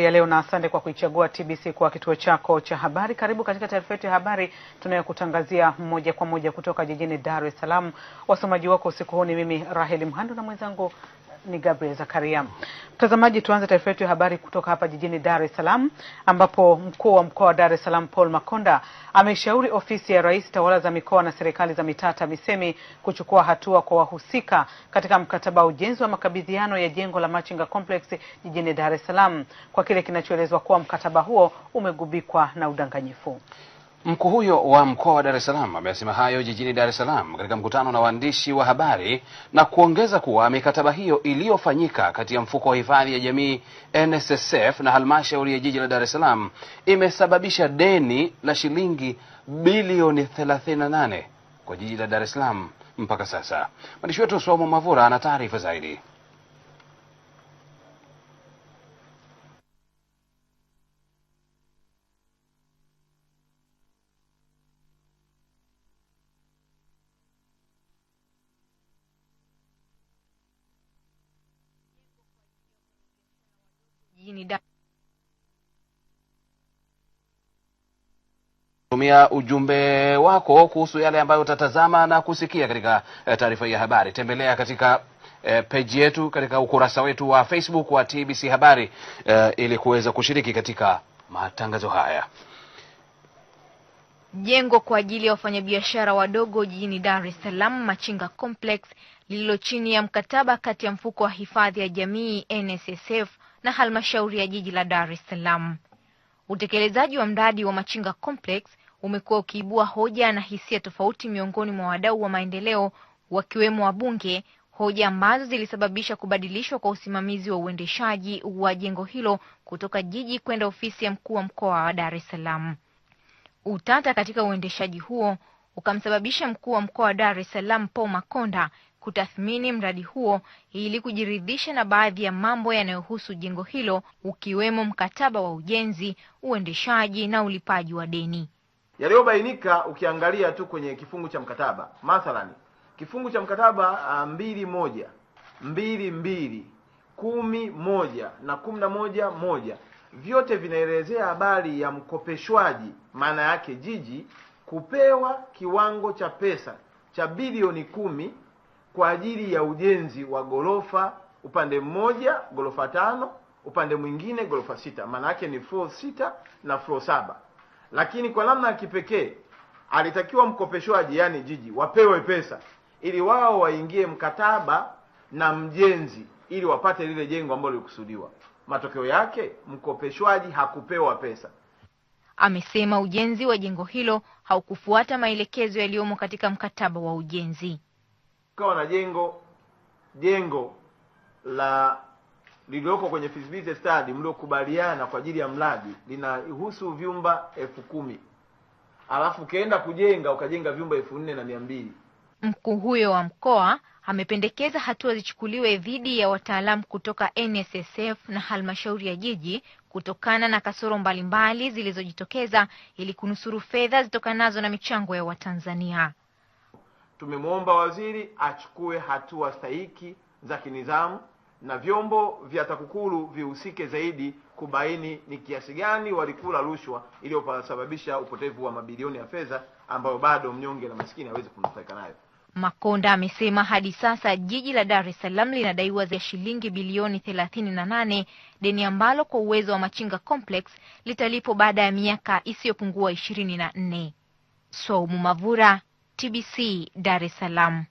ya leo na asante kwa kuichagua TBC kwa kituo chako cha habari. Karibu katika taarifa yetu ya habari tunayokutangazia moja kwa moja kutoka jijini Dar es Salaam. Wasomaji wako usiku huu ni mimi Raheli Mhando na mwenzangu ni Gabriel Zakaria. Mtazamaji, tuanze taarifa yetu ya habari kutoka hapa jijini Dar es Salaam, ambapo mkuu wa mkoa wa Dar es Salaam Paul Makonda ameshauri ofisi ya Rais, tawala za mikoa na serikali za mitaa TAMISEMI kuchukua hatua kwa wahusika katika mkataba wa ujenzi wa makabidhiano ya jengo la Machinga Complex jijini Dar es Salaam kwa kile kinachoelezwa kuwa mkataba huo umegubikwa na udanganyifu. Mkuu huyo wa mkoa wa Dar es Salaam amesema hayo jijini Dar es Salaam katika mkutano na waandishi wa habari na kuongeza kuwa mikataba hiyo iliyofanyika kati ya mfuko wa hifadhi ya jamii NSSF na halmashauri ya jiji la Dar es Salaam imesababisha deni la shilingi bilioni 38 kwa jiji la Dar es Salaam mpaka sasa. Mwandishi wetu Somo Mavura ana taarifa zaidi. jijini da Tumia ujumbe wako kuhusu yale ambayo utatazama na kusikia katika eh, taarifa hii ya habari. Tembelea katika eh, peji yetu katika ukurasa wetu wa Facebook wa TBC Habari e, ili kuweza kushiriki katika matangazo haya. Jengo kwa ajili ya wafanyabiashara wadogo jijini Dar es Salaam, Machinga Complex, lililo chini ya mkataba kati ya mfuko wa hifadhi ya jamii NSSF na halmashauri ya jiji la Dar es Salaam. Utekelezaji wa mradi wa Machinga Complex umekuwa ukiibua hoja na hisia tofauti miongoni mwa wadau wa maendeleo wakiwemo wabunge, hoja ambazo zilisababisha kubadilishwa kwa usimamizi wa uendeshaji wa jengo hilo kutoka jiji kwenda ofisi ya mkuu wa mkoa wa Dar es Salaam. Utata katika uendeshaji huo ukamsababisha mkuu wa mkoa wa Dar es Salaam Paul Makonda kutathmini mradi huo ili kujiridhisha na baadhi ya mambo yanayohusu jengo hilo ukiwemo mkataba wa ujenzi, uendeshaji na ulipaji wa deni. Yaliyobainika ukiangalia tu kwenye kifungu cha mkataba, mathalani kifungu cha mkataba ah, mbili moja mbili mbili kumi moja na kumi na moja moja vyote vinaelezea habari ya mkopeshwaji, maana yake jiji kupewa kiwango cha pesa cha bilioni kumi kwa ajili ya ujenzi wa ghorofa upande mmoja ghorofa tano, upande mwingine ghorofa sita, maana yake ni floor sita na floor saba. Lakini kwa namna ya kipekee alitakiwa mkopeshwaji, yani jiji, wapewe pesa ili wao waingie mkataba na mjenzi ili wapate lile jengo ambalo lilikusudiwa. Matokeo yake mkopeshwaji hakupewa pesa. Amesema ujenzi wa jengo hilo haukufuata maelekezo yaliyomo katika mkataba wa ujenzi kawa na jengo jengo la lililoko kwenye feasibility study mliokubaliana kwa ajili ya mradi linahusu vyumba elfu kumi alafu ukienda kujenga ukajenga vyumba elfu nne na mia mbili. Mkuu huyo wa mkoa amependekeza hatua zichukuliwe dhidi ya wataalamu kutoka NSSF na halmashauri ya jiji kutokana na kasoro mbalimbali zilizojitokeza ili kunusuru fedha zitokanazo na michango ya Watanzania. Tumemwomba waziri achukue hatua stahiki za kinizamu na vyombo vya takukulu vihusike zaidi kubaini ni kiasi gani walikula rushwa iliyosababisha upotevu wa mabilioni ya fedha ambayo bado mnyonge na maskini hawezi kunufaika nayo. Makonda amesema hadi sasa jiji la Dar es Salaam linadaiwa za shilingi bilioni thelathini na nane deni ambalo kwa uwezo wa Machinga Complex litalipo baada ya miaka isiyopungua nne Swaumu Mavura TBC Dar es Salaam.